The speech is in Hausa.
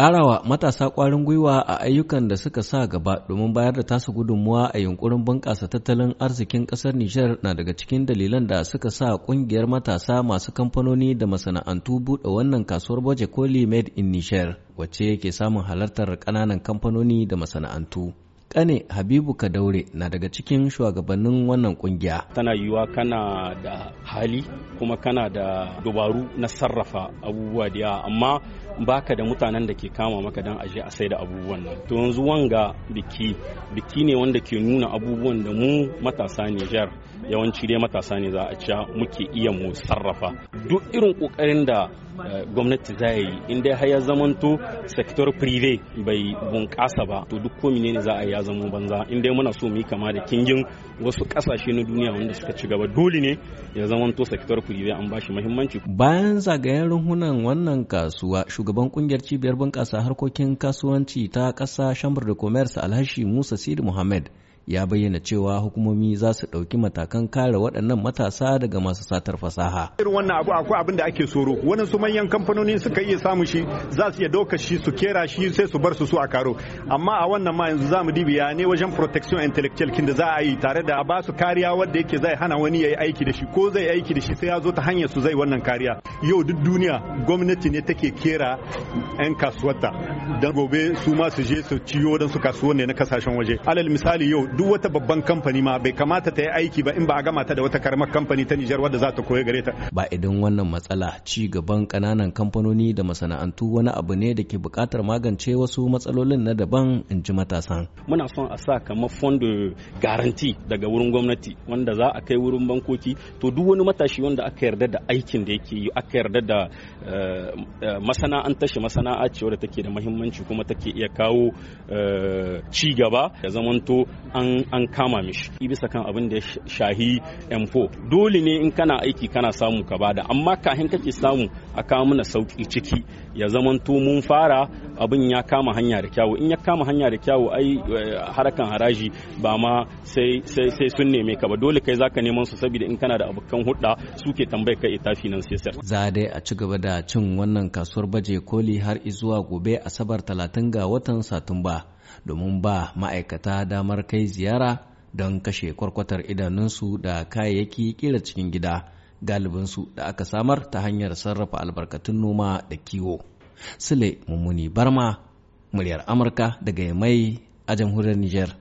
ƙarawa matasa kwarin gwiwa a ayyukan da suka sa gaba domin bayar da tasu gudunmuwa a yunkurin bunƙasa tattalin arzikin ƙasar Nijar na daga cikin dalilan da suka sa ƙungiyar matasa masu kamfanoni da masana'antu buɗe wannan kasuwar baje koli made in Nijar wacce ke samun halartar ƙananan kamfanoni da masana'antu. Kane Habibu Kadaure na daga cikin shugabannin wannan kungiya. Tana yiwuwa kana da hali kuma kana da dubaru na sarrafa abubuwa da yawa amma baka da mutanen da ke kama maka don aje a sai da abubuwan nan. To yanzu wanga biki biki ne wanda ke nuna abubuwan da mu matasa Nijar yawanci dai matasa ne za a ci muke iya mu sarrafa. Duk irin kokarin da gwamnati za yi in dai har ya zamanto sektor prive bai bunƙasa ba to duk komi ne za a yi ya zama banza in dai muna so mu yi kama da kingin wasu ƙasashe na duniya wanda suka ci gaba dole ne ya zamanto sektor prive an bashi muhimmanci bayan zagayen runhunan wannan kasuwa shugaban kungiyar cibiyar bunƙasa harkokin kasuwanci ta ƙasa shambar da commerce alhashi Musa Sidi Muhammad ya bayyana cewa hukumomi za su ɗauki matakan kare waɗannan matasa daga masu satar fasaha. Irin wannan abu akwai abin da ake soro wani su manyan kamfanoni suka iya samu shi za su iya ɗauka shi su kera shi sai su bar su su a karo amma a wannan ma yanzu za mu dibiya ne wajen protection intellectual kin da za a yi tare da ba su kariya wanda yake zai hana wani ya yi aiki da shi ko zai aiki da shi sai ya zo ta hanyar su zai wannan kariya yau duk duniya gwamnati ne take kera 'yan kasuwata don gobe su ma su je su ciyo don su kasuwan ne na kasashen waje alal misali yau duk wata babban kamfani ma bai kamata ta yi aiki ba in ba a gama ta da wata karamar kamfani ta Nijar wadda za ta koya gare ta ba idan wannan matsala ci gaban kananan kamfanoni da masana'antu wani abu ne da ke buƙatar magance wasu matsalolin na daban in ji matasan muna son a sa kamar fondo garanti daga wurin gwamnati wanda za a kai wurin bankoki to duk wani matashi wanda aka yarda da aikin da yake yi aka yarda da eh, eh, masana'antar shi masana'a ce wadda take da muhimmanci kuma take iya kawo eh, ci gaba da zamanto an an kama mishi bisa kan abin da shahi m4 dole ne in kana aiki kana samu ka bada amma kahin kake samu a kawo mana sauki ciki ya zamanto mun fara abin ya kama hanya da kyawu in ya kama hanya da kyawu ai eh, harkan haraji ba ma sai sun neme ka ba dole kai zaka neman su saboda in kana da abokan hudda suke tambayar ka ita eh, financier za dai a ci gaba da cin wannan kasuwar baje koli har zuwa gobe asabar 30 ga watan satumba domin ba ma'aikata damar kai ziyara don kashe kwarkwatar idanunsu da kayayyaki kira cikin gida galibinsu da aka samar ta hanyar sarrafa albarkatun noma da kiwo. Sule Mummuni Barma, muryar Amurka daga mai a jamhuriyar Nijar.